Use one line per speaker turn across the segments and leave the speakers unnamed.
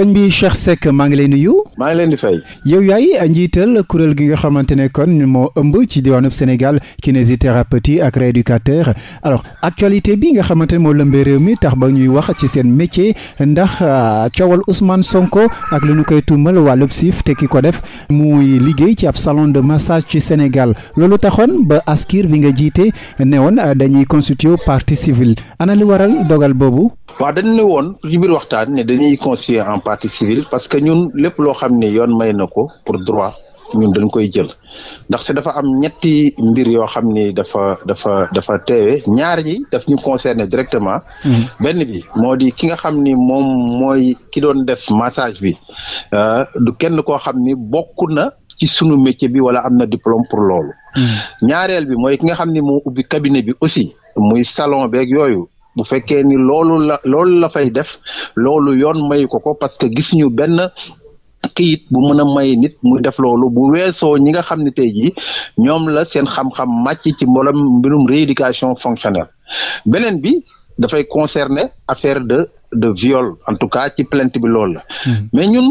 sëñ bi Cheikh Seck maa ngi lay nuyu. maa ngi leen di fay. yow yaay njiital kuréel gi nga xamante ne kon moo ëmb ci diwaanub Sénégal kinésithérapeutie ak rééducateur alors actualité bi nga xamante ne moo lëmbee réew mi tax ba ñuy wax ci seen métier ndax euh, coowal Ousmane Sonko ak lu ñu koy tuumal wàllub siif tekki ko def muy liggéey ci ab salon de massage ci Sénégal loolu taxoon ba askir bi nga jiite ne woon euh, dañuy constituer partie civile ana li waral dogal boobu.
waa dañu ne woon ci biir waxtaan ne dañuy constituer en partie civile parce que ñun lépp loo xam ne yoon may na ko pour droit ñun dañ koy jël ndaxte dafa am ñetti mbir yoo xam ni dafa dafa dafa teewe ñaar ñi daf ñu concerné directement. Hmm. benn bi moo di ki nga xam ni moom mooy ki doon def massage bi euh, du kenn koo xam ni bokk na ci sunu métier bi wala am na diplôme pour loolu. Hmm. bi mooy ki nga xam ni moo ubbi cabinet bi aussi muy salon beeg yooyu. bu fekkee ni loolu la loolu la fay def loolu yoon mayu ko ko parce que gis ñu benn kayit bu mën a may nit muy def loolu bu weesoo ñi nga xam ne tey jii ñoom la seen xam-xam màcc ci mboolem mbirum rééducation fonctionnelle beneen bi dafay concerner affaire de de viol en tout cas ci plainte bi loolu la hmm. mais ñun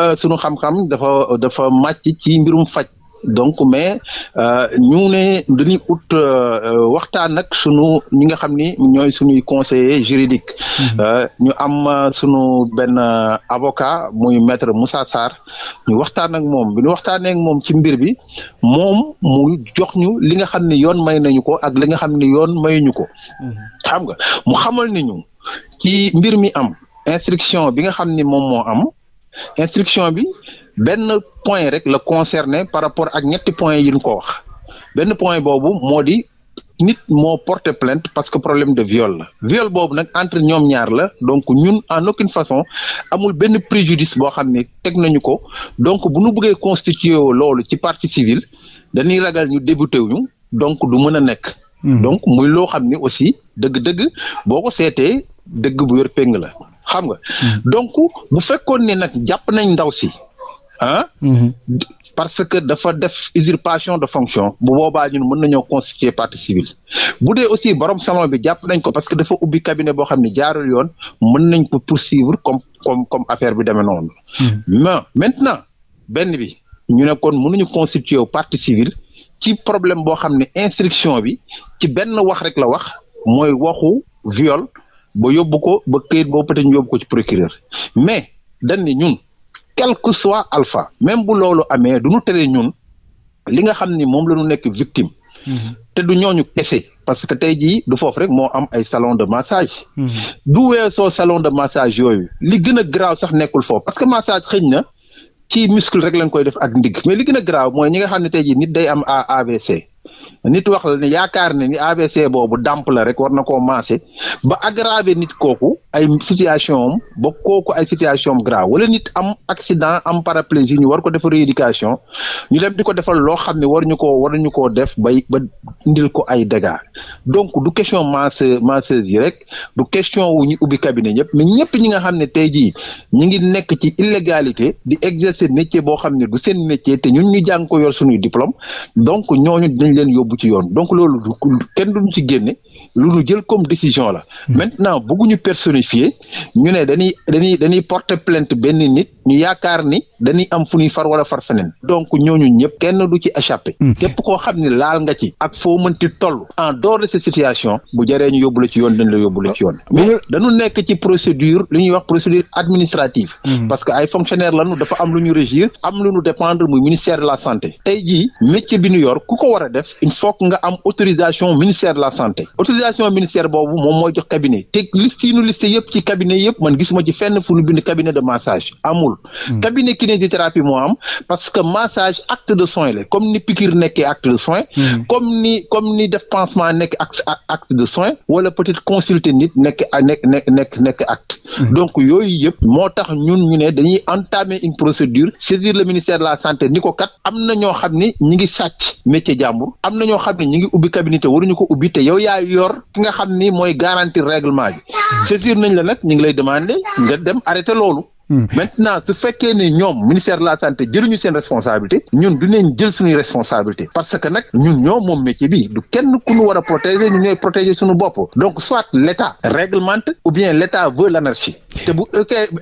euh, dafa màcc ci mbirum faj donc mais euh, ñu ne dañuy ut euh, euh, waxtaan ak sunu ñi nga xam ni ñooy suñuy conseiller juridique mhm. ñu am sunu benn avocat muy maître Moussa sar ñu waxtaan ak moom bi ñu moom ci mbir bi moom mu jox ñu li nga xam ni yoon may nañu ko ak li nga xam ni yoon mayuñu ko mhm. xam nga mu xamal ci mbir mi am instruction bi nga xam ni moom moo am instruction bi benn point rek la concerné par rapport ak ñetti point yi ñu ko wax benn point boobu moo di nit moo porté plainte parce que problème de viol la viol boobu nag entre ñoom ñaar la donc ñun en aucune façon amul benn préjudice boo xam ne teg nañu ko donc bu ñu bëggee constituer loolu ci parti civile dañuy ragal ñu débuté ñu donc du mën a nekk. Hmm. donc muy loo xam ne aussi dëgg-dëgg boo ko seetee dëgg bu wér péng la xam nga. Hmm. donc bu fekkoon ne nag jàpp nañu ndaw si ah parce que dafa def usurpation de fonction bu boobaa ñun mën nañoo constituer parti civile bu dee aussi borom salon bi jàpp nañ ko parce que dafa ubbi cabinet boo xam ne jaarul yoon mën nañ ko poursuivre comme comme comme affaire bi demee noonu mm-hmm. mais maintenant benn bi ñu ne kon mënuñu constituer wu partie civile ci problème boo xam ne instriction bi ci benn wax rek la wax mooy waxu viole ba yóbbu ko ba këyit boobu peut-être yóbbu ko ci procureur mais dañ ne ñun quelque que soit alpha même bu loolu amee du ñu tere ñun li nga xam ni moom la ñu nekk victime. Mm-hmm. te du ñooñu kese parce que tey jii du foof rek moo am ay salon de massage. Mm-hmm. du weesoo salon de massage yooyu li gën a garaaw sax nekkul foofu parce que massage xëñ na ci muscle rek lañ koy def ak ndig mais li gën a garaaw mooy ñi nga xam ne tey jii nit day am AVC. nit wax la ne yaakaar ne ni AVC boobu dàmp la rek war na koo maase ba aggraver nit kooku ay situation am ba kooku ay situation grave wala nit am accident am paraplégie ñu war ko def rééducation ñu dem di ko defal loo xam ne waruñu koo waruñu koo def bay ba ndil ko ay dégâts donc du question masse masseuse yi rek du question wu ñu ubbi cabinet ñëpp mais ñëpp ñi nga xam ne tey jii ñi ngi nekk ci illégalité di exercer métier boo xam ne du seen métier te ñun ñu jàng ko yor suñuy diplôme donc ñooñu dañ bu ci yoon donc loolu kenn duñu ci génne lu ñu jël comme décision la hmm. maintenant bëgguñu personnifier ñu ne dañuy dañuy dañuy porter plainte benn nit ñu yaakaar ni dañuy am fu ñuy far wala far feneen donc ñooñu ñëpp kenn du ci échappé. Hmm. képp koo xam ne laal nga ci. ak foo mënti toll. en dehors de cette situation. bu jaree ñu yóbbu ci yoon dañ la yóbbu la ci yoon. Hmm. mais dañu nekk ci procédure lu ñuy wax procédure administrative. Hmm. parce que ay fonctionnaires lañu dafa am lu ñu régir. am lu nu dépendre muy ministère de la santé. tey ji métier bi ñu yor ku ko war a def il faut nga am autorisation ministère de la sant autorisation ministère boobu moom mooy jox cabinet. te liste yi ci cabinet yëpp man gisuma ci fenn fu ñu bind cabinet de massage amul. cabinet kinésithérapie moo am parce que massage acte de soin la comme ni piqûre nekkee acte de soin. Hmm. comme ni comme ni def pansement nekk acte de soin wala peut-être consulter nit nekk nekk nekk nekk nekk acte. Hmm. donc yooyu yëpp moo tax ñun ñu ne dañuy entamer une procédure saisir le ministère de la santé ni ko kat am na ñoo xam ni ñu ngi sàcc métier jàmbur am na ñoo xam ne ñu ngi ubbi cabinet te waruñu ko ubbi te yow yaa yor ki nga xam ni mooy garantir règlement bi hmm. saisir nañ la nag ñu ngi lay demander nga dem arrêter loolu. Hmm. maintenant su fekkee ne ñoom ministère de la santé jëluñu seen responsabilité ñu du neen jël suñuy responsabilité parce que nag ñun ñoo moom métier bi du kenn ku ñu war a protéger ñu ñooy protéger suñu bopp donc soit l' état réglemente ou bien l' état veut l' anarchie te bu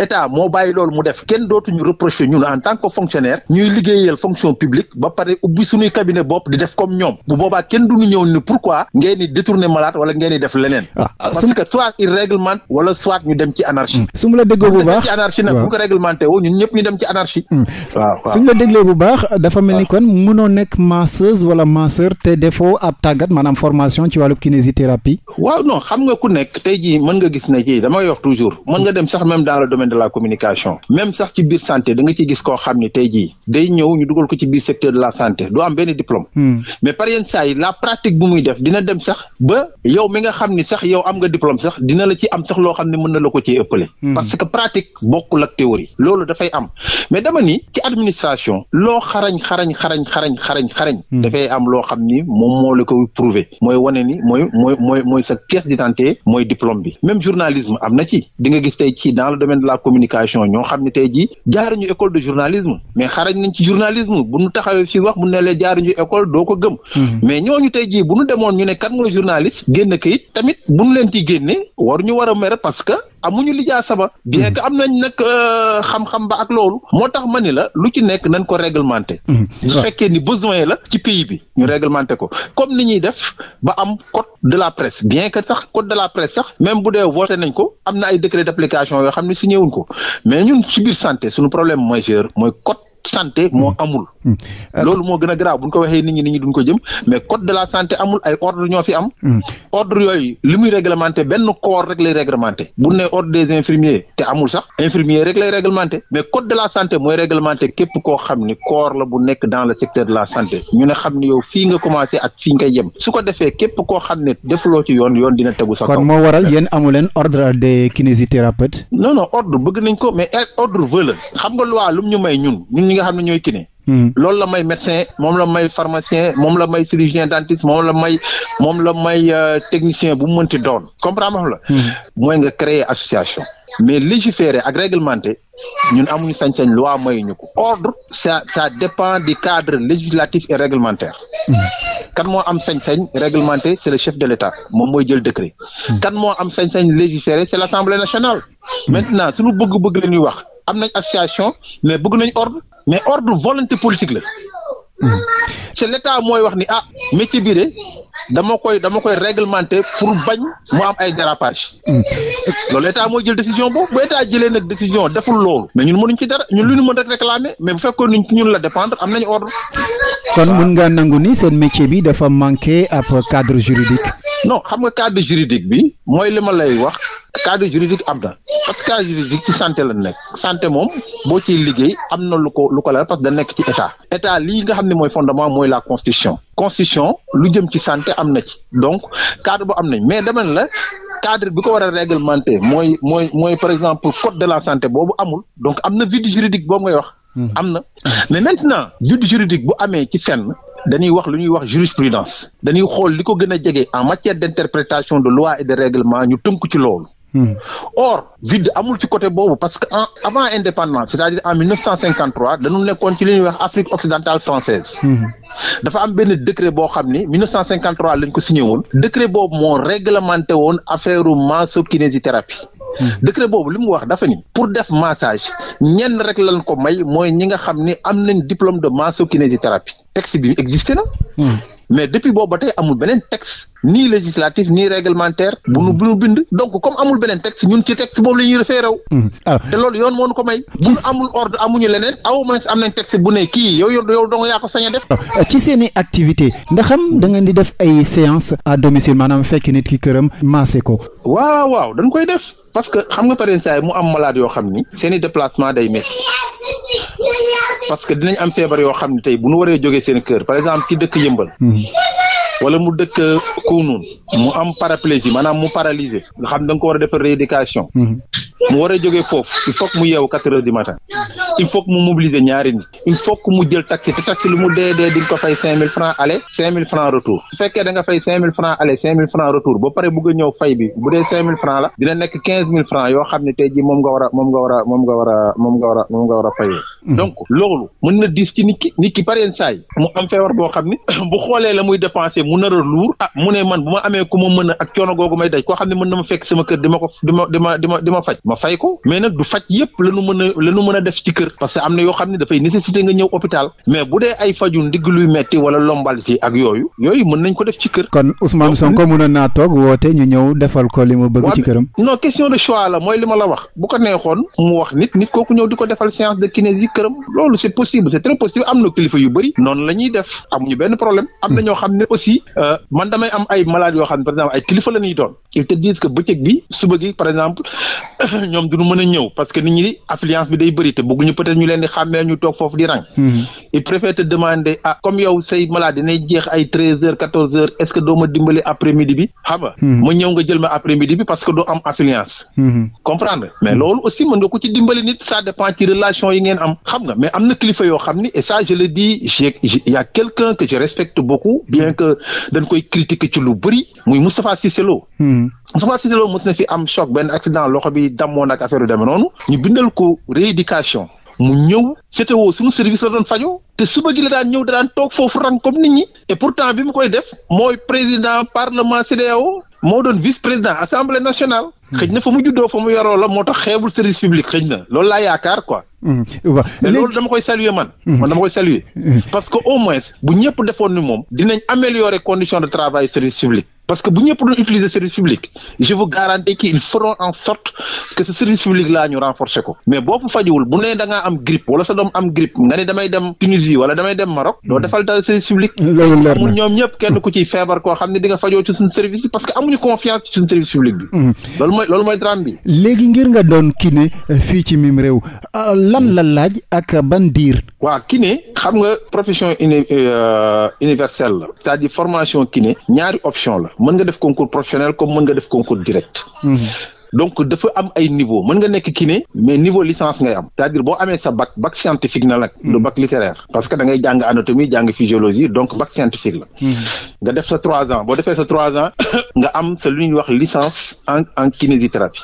état moo bàyyi loolu mu def kenn dootuñu reproché ñun en tant que fonctionnaire ñuy liggéeyal fonction publique ba pare ubbi suñuy cabinet bopp di def comme ñoom bu boobaa kenn duñu ñëw ni pourquoi ngeen di détourner malade wala ngeen di
def leneen. Ah,
ah, parce que soit il réglemente wala soit ñu dem ci anarchie. Mm. su la déggoo bu baax ci anarchie nag bu ko réglementé woo ñun ñëpp ñu dem ci anarchie. Mm. waaw waaw suñ
la dégloo bu baax dafa mel ni kon mënoo nekk masseuse wala masseur te defoo ab tàggat maanaam formation ci wàllu kinésithérapie.
waaw non xam nga dem sax même dans le domaine de la communication même sax ci biir santé da nga ciy gis koo xam ne tey jii day ñëw ñu dugal ko ci biir secteur de la santé du am benn diplôme. Hmm. mais par yenn saa la pratique bu muy def dina dem sax ba yow mi nga xam ni sax yow am nga diplôme sax dina la ci am sax loo xam ne mën na la ko ci ëppale. Hmm. parce que pratique bokkul ak théorie loolu dafay am mais dama ni ki administration loo xarañ xarañ xarañ xarañ xarañ xarañ. Hmm. dafay am loo xam ni moom moo la koy prouver mooy wane ni mooy mooy mooy mooy sa pièce d'identité mooy diplôme bi même journalisme am na ci dans le domaine de la communication ñoo xam ne tey jii école de journalisme mais xarañ ci journalisme bu ñu taxawee wax bu ne la jaaruñu école doo ko gëm mhm. mais ñooñu tey jii bu ñu demoon ñu ne kan mooy journaliste génn kayit tamit bu ñu ci génne war ñu war a mer parce que amuñu Lidia Saba hmm. bien que am nañ nag euh, xam-xam ba ak loolu moo tax ma ni la lu ci nekk nañ ko réglementer hmm. su ah. fekkee ni besoin la ci pays bi ñu réglementé ko comme ni ñuy def ba am côte de la presse bien que sax code de la presse sax même bu dee voté nañ ko am na ay décret d'application yoo xam ne signé wuñ ko mais ñun ci biir santé suñu problème majeur mooy code santé moo hmm. amul. Hmm. Euh, loolu moo gën a garaaw bu ko waxee ni ñi nit ñi duñ ko jëm mais code de la santé amul ay ordre ñoo fi am. Hmm. ordre yooyu li muy réglementé benn corps rek lay réglementé bu ne ordre des infirmiers te amul sax infirmier rek lay réglementé mais code de la santé mooy réglementé képp koo xam ni corps la bu nekk dans le secteur de la santé ñu ne xam ni yow fii nga commencé ak fii nga yem su ko defee képp koo xam ne defloo ci yoon yoon dina tegu sa kon moo waral
yéen amu leen ordre des kinésithérapeutes. non non ordre bëgg nañ ko mais
ordre veut la xam nga loi lu ñu may ñi nga xam ne ñooy kiné. Hmm. loolu la may médecin moom la may pharmacien moom la may chirurgien dentiste moom la may moom la may euh, technicien bu mu mënti doon comprendre la. Hmm. mooy nga créer association. mais légiférer ak réglementer ñun amuñu sañ-sañ loi mayuñu ko. ordre ça ça dépend du cadre législatif et réglementaire. Hmm. kan moo am sañ-sañ réglementer c'est le chef de l'État moom mooy jël décret. kan moo am sañ-sañ légiférer c'est l'Assemblée nationale. maintenant suñu bëgg-bëgg am nañ association mais bëgg nañu ordre mais ordre volonté politique la. Hmm. c'est l'état mooy wax ni ah métier bi de dama koy dama koy réglementer pour bañ mu am ay dérapage hmm. loolu état mooy jël décision boobu bu état jëlee nag décision deful loolu mais ñun mënuñ ci dara ñun lu ñu mën rek réclamer mais bu fekkoon ni ñun la dépendre am nañu ordre.
kon mun nga nangu ni seen métier bi dafa manqué ab cadre juridique. non xam nga cadre
juridique bi mooy li ma lay wax. cadre juridique am na parce que cadre juridique ci santé la nekk santé moom boo ciy liggéey am na lu ko lu ko la parce que da nekk ci état li lii nga xam ne mooy fondement mooy la constitution constitution lu jëm ci santé am na ci donc cadre bu am nañ mais dama la cadre bi ko war a mooy mooy mooy par exemple code de la santé boobu amul donc am na vide juridique boobu ngay wax. Hmm. am na mais maintenant vide juridique bo amee ci fenn. danuy wax lu ñuy wax jurisprudence dañuy xool li ko gën a jege en matière d'interprétation de loi et de règlement ñu tënk ci loolu Hmm. or vide amul ci côté boobu parce que en avant indépendant c'est-à-dire en 1953 dañu nekkoon ci li ñuy wax Afrique occidentale française hmm. dafa am benn décret boo xam ni 1953 lañ ko signé woon décret boobu moo réglementé woon affaire masso-kinésithérapie hmm. décret boobu li mu wax dafa ni pour def massage ñenn rek lan ko may mooy ñi nga xam ni am nañ diplôme de masso-kinésithérapie texte bi existé na. Hmm. mais depuis boobu ba tey amul beneen texte. nii législatif nii réglementaire. bu nu bu nu bind. donc comme amul beneen texte ñun ci texte boobu la ñuy référé wu. Hmm. Ah. te loolu yoon moo nu ko may. bu amul ordre amuñu leneen au moins am nañ texte bu ne kii yow yow dong yaa ko sañ a def.
Ah, ci seeni activité ndax xam da ngeen di def ay séance à domicile maanaam fekk nit ki këram maase ko.
waaw waaw dañ koy def. parce que xam nga pare saa yi mu am malade yoo xam ni. seen i déplacement day métti. parce que dinañ am feebar yoo xam ne tey bu nu waree jógee seen kër par exemple ki dëkk yëmbal hmm. wala mu dëkk Kounoune mu am paraplégie maanaam mu paralysé nga xam da nga ko war a defar rééducation hmm. mu war a foofu il faut mu yeewu quatre heures du matin il faut mu mobiliser ñaari nit il faut que mu jël taxi te taxi lu mu dee dee di ko fay cinq mille francs aller cinq mille francs retour su pare bëgg ñëw fay bi bu dee cinq mille francs la dina nekk quinze mille francs yoo xam ne tey jii moom nga war a donc loolu mën na diis ci nit ki mu am feebar boo xam ne bu xoolee muy dépenser mu nar luur ah mu man bu ma amee ku mën a ak ma fay ko mais nag du faj yëpp la nu mën a la nu def ci kër parce que am na yoo xam ne dafay nécessité nga ñëw hôpital mais bu dee ay faju ndigg luy metti wala lombal si ak yooyu yooyu mën nañ ko def
ci kër. kon Ousmane Sonko mënoon naa toog woote ñu ñëw defal ko li bëgg ci këram.
non question de choix mooy li la wax bu ko neexoon mu wax nit nit kooku ñëw di ko defal séance de kinésie këram loolu c'est possible c'est très possible am na kilifa yu bëri noonu am na ñoo xam ne aussi euh, man damay am ay yoo xam ne par la ñuy doon ñoom du ñu mën a ñëw parce que nit ñi affluence bi day bëri te bëgguñu peut-être ñu leen di xàmmee ñu toog foofu il préfère te demander ah comme yow say maladie nay jeex ay treize heures quatorze heures est ce que doo ma dimbali après midi bi xam nga hmm. ma ñëw nga jël ma après midi bi parce que doo am affluence hmm. comprendre mais hmm. loolu aussi mën nga ko ci dimbali nit ça dépend ci relation yi ngeen am xam nga mais am na kilifa yoo xam ni et ça je le dis j'ai quelqu'un que je respecte beaucoup bien que dañ koy critiquer ci lu bëri muy Moustapha Cissé Lo Moustapha Cissé na fi am choc benn accident loxo bi dammoon ak affaire yu ñu bindal ko rééducation mu ñëw CTO suñu service la doon fajoo te suba gi la daan ñëw da daan toog foofu rang comme ni ñi et pourtant bi mu koy def mooy président parlement CEDEAO moo doon vice président assemblée nationale. Hmm. xëj na fa mu juddoo fa mu yoroo la moo tax xeebul service public xëj na loolu laa yaakaar quoi.
waaw
hmm. loolu dama koy saluer man. Hmm. man dama koy saluer. parce que au moins bu ñëpp defoon ni moom dinañ améliorer condition de travail service public. parce que bu ñëpp doon utiliser service public je vous garantis qu'ils feront en sorte que ce service public laa ñu renforcer ko mais boo ko fajiwul bu nee da ngaa am grippe wala sa doom am grippe nga ne damay dem Tunisie wala damay dem Maroc doo hmm. defal ta service public ñoom ñëpp kenn ku ciy feebar koo xam ne di nga fajoo ci suñu service parce que amuñu confiance
ci suñu hmm.
loolu mooy loolu mooy drame bi
léegi ngir nga doon kiné euh, fii ci mim réew euh, lan la laaj ak ban waa
waaw kiné xam nga profession euh, universelle la c'est-à-dire formation kiné ñaari option la mën nga def concours professionnel comme mën nga def concours direct. Mhm. donc dafa am ay niveau mën nga nekk kiné mais niveau licence nga am cest à boo amee sa bac bac scientifique na la du mhm. bac littéraire parce que da ngay jàng anatomie jàng physiologie donc bac scientifique la. Mhm. nga def sa trois ans boo defee sa trois ans nga am sa lu ñuy wax licence en en kinésithérapie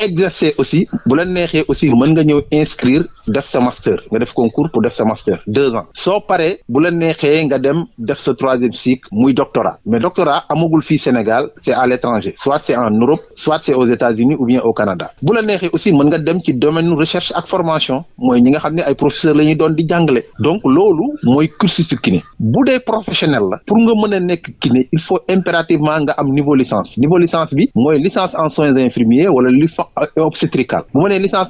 exercer aussi bu la neexee aussi mën nga ñëw inscrire def sa master nga def concours pour def sa master deux ans soo paree bu la neexee nga dem def sa troisième cycle muy doctorat mais doctorat amagul fii Sénégal c'est à l'étranger soit c'est en Europe soit c'est aux États-Unis ou bien au Canada bu la neexee aussi mën nga dem ci domaine nu recherche ak formation mooy nga xam ne ay professeurs la ñuy doon di jàngale donc loolu mooy cursus kiné nekk il faut impérativement nga am niveau licence niveau licence bi mooy licence en soins infirmiers wala licence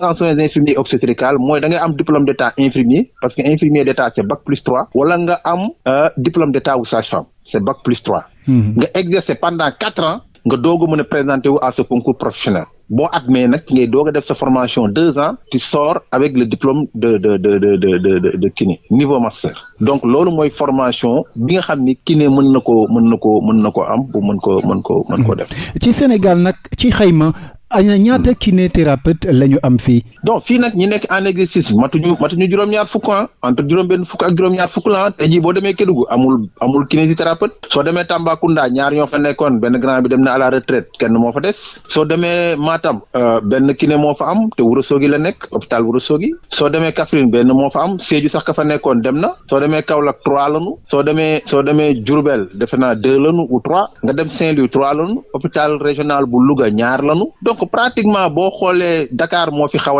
en soins infirmiers obstétrical mooy da am diplôme d'état infirmier parce que infirmier d'état c'est bac plus trois wala nga am euh, diplôme d'état ou sage c'est bac plus trois hmm. nga exercer pendant quatre ans nga doog a mën a présenter wu ce concours professionnel boo admis nag ngay doog a def sa formation deux ans tu sors avec le diplôme de de de de de de de, de kiné niveau master donc loolu mooy formation bi nga xam ni kiné mën na ko mën na ko mën na ko am bu mën ko mën ko mën ko hmm. def.
ci Sénégal nag ci xayma ana ñaata hmm. kinésithérapeute la ñu am fii.
donc fii nag ñi nekk en exercice matuñu matuñu juróom-ñaar fukk ah entre juróom-benn fukk ak juróom-ñaar fukk la ah tey jii boo demee Kédougou amul amul kinésithérapeute soo demee Tambacounda ñaar ñoo fa nekkoon benn grand bi dem na à la kenn moo fa des soo demee Matam euh, benn kine moo fa am te Ourossogui la nekk hôpital Ourossogui soo demee Kaffrine benn moo fa am Sédhiou sax ka fa nekkoon dem na soo demee Kaolack trois lanu soo demee soo demee Diourbel defe naa deux lanu ou trois nga dem Saint-Louis trois lanu hôpital régional bu Louga ñaar lanu donc pratiquement boo xoolee Dakar moo fi xaw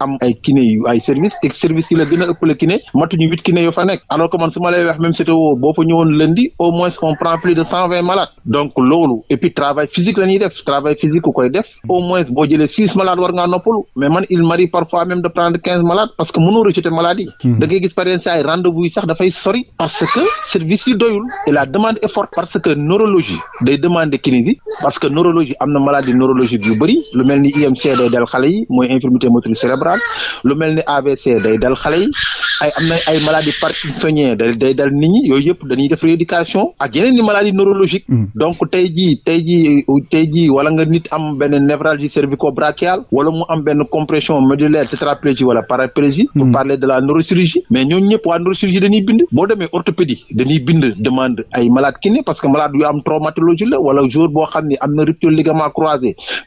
am ay kiné yu ay service te service la gën a ëppale kiné matuñu huit kiné yoo fa nekk alors que man su ma lay wax même CTO boo fa ñëwoon lundi au moins on prend plus de cent vingt malades donc loolu et puis physique la ñuy def travail physique koy def au moins boo jëlee six malades war ngaa mais man il m'arrive parfois même de prendre quinze malades parce que mënoo rejeter malade hmm. yi da neurologique yu bëri lu mel ni IMC day dal xale yi mooy infirmité motrice cérébrale lu mel ni day dal xale yi am na ay maladie parkinsonienne da day dal nit ñi yooyu yëpp def rééducation ak yeneen ni maladie neurologique mm. donc tey jii wala nga nit am benn névralgie cervico-brachiale wala mu am benn compression médullaire tétraplégie wala paraplégie pour mm. parler de la neurochirurgie mais ñooñu ñëpp waa neurochirurgie dañuy bind boo demee orthopédie dañuy bind demande ay malade kiné ne am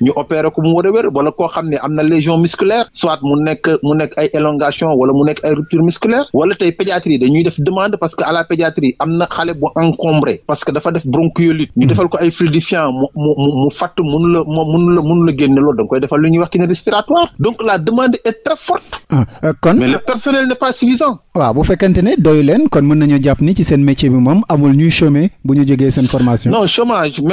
ñu opéré ko mu war a wér wala koo xam ne am na lésion musculaire soit mu nekk mu nekk ay élongation wala mu nekk ay rupture musculaire wala tey pédiatrie dañuy def demande parce que à la pédiatrie am na xale bu encombré parce que dafa def bronchiolite ñu hmm. defal ko ay fluidifiant mu mu mu fàtt la génne loolu da koy defal lu ñuy wax kiné respiratoire donc la demande est très forte ah, euh, kon le personnel n'est pas suffisant
waaw bu fekkente ne doy leen kon mën nañoo jàpp ni ci seen métier bi moom amul ñuy chômer bu ñu jógee seen formation
non chômage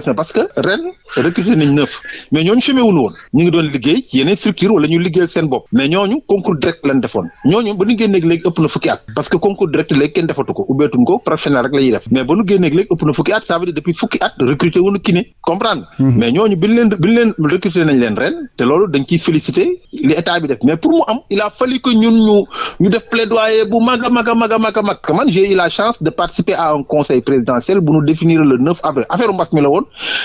certain parce que ren recruter nañ neuf mais ñooñu chômé woon ñu ngi doon liggéey yeneen structure wala ñu liggéeyal seen bopp mais ñooñu concours direct lañ defoon ñooñu ba ñu génneeg léegi ëpp na fukki at parce que concours direct léegi kenn defatu ko ko professionnel rek la def mais ba ñu génneeg léegi ëpp na fukki at ça depuis fukki at recruter wuñu kiné comprendre mhm. mais ñooñu bi ñu leen bi ñu leen recruter nañ leen ren te loolu dañ ciy féliciter li état bi def mais pour mu a woon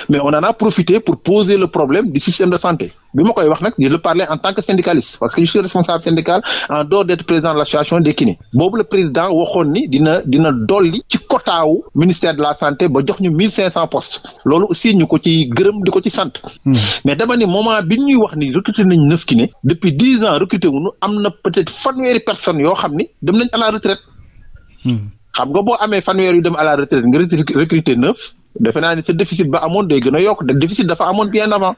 mais on en a profité pour poser le problème du système de santé bi ma koy wax nag di le parler en tant que syndicaliste parce que je suis responsable syndical en dehors d'être président de l'association des kinés boobu le président waxoon ni dina dina dolli ci kotaawu ministère de la santé ba jox ñu mille cinq cent postes loolu aussi ñu ko ci gërëm di ko ci sant hmm. mais dama ni moment bi ñuy wax ni recruté nañ neuf kinés depuis dix ans recruté wuñu am na peut-être xam ni dem nañ à hmm. xam nga boo amee fanweer yu dem à la retraite nga recruter neuf defe naa ni sa déficit ba amoon day gën a yokk déficit dafa amoon bien avant.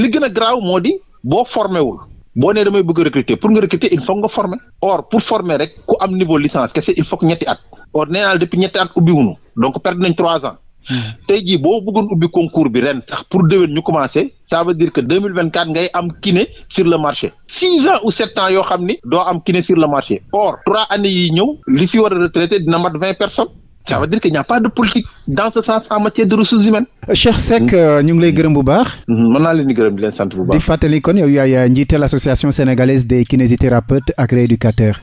li gën a graaw moo di boo formé wul. boo nee damay bëgg a recruter pour nga recruter il faut nga former or pour former rek ku am niveau licence kese il faut que at or nee depuis ñetti at ubbi wuñu donc perdre trois ans. Hmm. tey jii boo bëggoon ubbi concours bi ren sax pour déwén ñu commencé ça veut dire que deux mille vingt quatre ngay am kiné sur le marché six ans ou sept ans yoo xam ni doo am kiné sur le marché or trois années yi ça veut dire qu'il n'y a pas de politique dans ce sens en matière de ressources humaines. Cheikh Seck mm. euh, ñu ngi lay gërëm bu baax. Mm-hmm. mën naa leen di gërëm di leen sant bu baax. di
fàttali kon yow yaay njiital association sénégalaise des kinésithérapeutes ak rééducateurs.